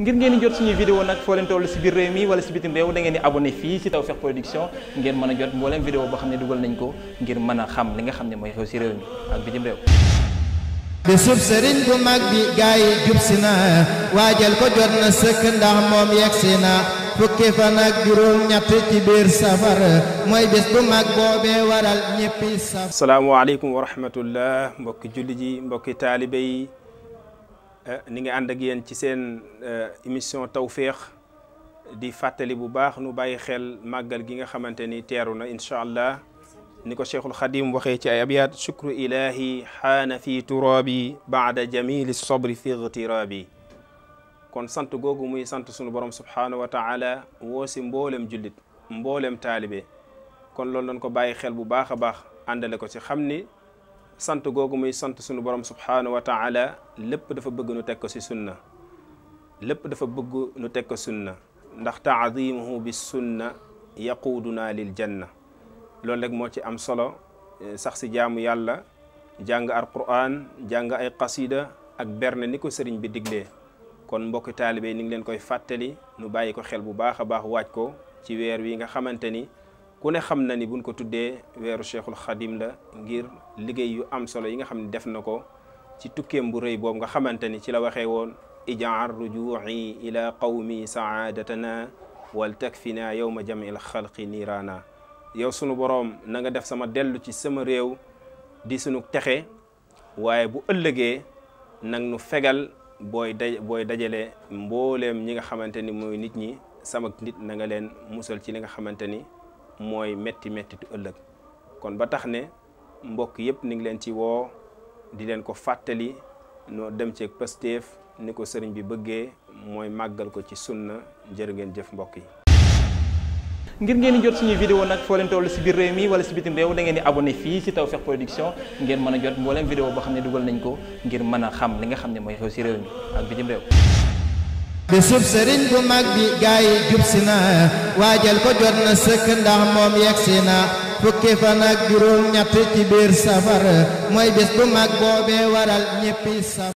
ngir ngeen di jot suñuy vidéo nag foo leen si biir réew mi wala si bitim réew da ngeen di abonné fii si Tawfekh Production ngeen mën a jot mbooleem vidéo boo xam ne dugal nañ ko ngir mën a xam li nga xam ne mooy xew si réew mi ak bitim réew bi sub bu mag bi gaa yi jub si na waajal ko jot na sëkk ndax moom yegg si na fukki fan ak juróom ñett ci biir safar mooy bés bu mag boobee waral ñëppi safar. salaamaaleykum wa rahmatullah mbokki julli ji mbokki taalibe yi. Euh, ni nga ànd ak yéen ci seen euh, émission tawféex di fàttali bu baax nu bàyyi xel màggal gi nga xamante ni teeru na incha allah ni ko cheikhul xadim waxee ci ay abyaat shukru ilahi xaana fi turaabi baada jamili sabri fi ightiraabi kon sant googu muy sant sunu borom subhaanahu wa taala woo si mboolem jullit mboolem taalibe kon loolu lañ ko bàyyi xel bu baax a baax àndale ko ci xam ni sant googu muy sant sunu borom subhaanahu wa taala lépp dafa bëgg nu teg ko ci sunna lépp dafa bëgg nu teg ko sunna ndax taadimuhu bi sunna yaquuduna lil janna loolu rek moo ci am solo eh, sax ci jaamu yàlla jàng alquran jàng ay qasida ak berne ni ko sëriñ bi diglee kon mbokki taalibe ni ngi leen koy fàttali nu bàyyi ko xel bu baax a baax waaj ko ci weer wi nga xamante ni ku ne xam na ni buñ ko tuddee weeru cheikhul xadim la ngir liggéey yu am solo yi nga xam ne def na ko ci tukkeem bu rëy boobu nga xamante ni ci la waxee woon ijaar rujuuci ila qawmi saadatana wal ma yowma jamil xalqi niiraana yow sunu boroom na nga def sama dellu ci sama réew di sunu texe waaye bu ëllëgee nag nu fegal booy daj booy dajale mbooleem ñi nga xamante ni mooy nit ñi sama nit na nga leen musal ci li nga xamante ni mooy métti méttitu ëllëg kon ba tax ne mbokk yëpp ni ngi leen ci woo di leen ko fàttali noo dem ceeg Pastef ni ko sëriñ bi bëggee mooy màggal ko ci sunna jërë ngeen jëf mbokk yi. ngir ngeen di jot suñuy vidéo nag foo leen toll si biir réew mi wala si bitim réew da ngeen di abonné fii si Tawfekh Production ngeen mën a jot mbooleem vidéo boo xam ne dugal nañ ko ngir mën a xam li nga xam ne mooy xew si réew mi ak bitim réew. bésub sëriñ bu mag bi gaay yi jub si na waajal ko jot na sëkk ndax moom yegsi na fukki fan ak juróom ñett ci safar mooy bés bu mag boobee waral ñéppi safar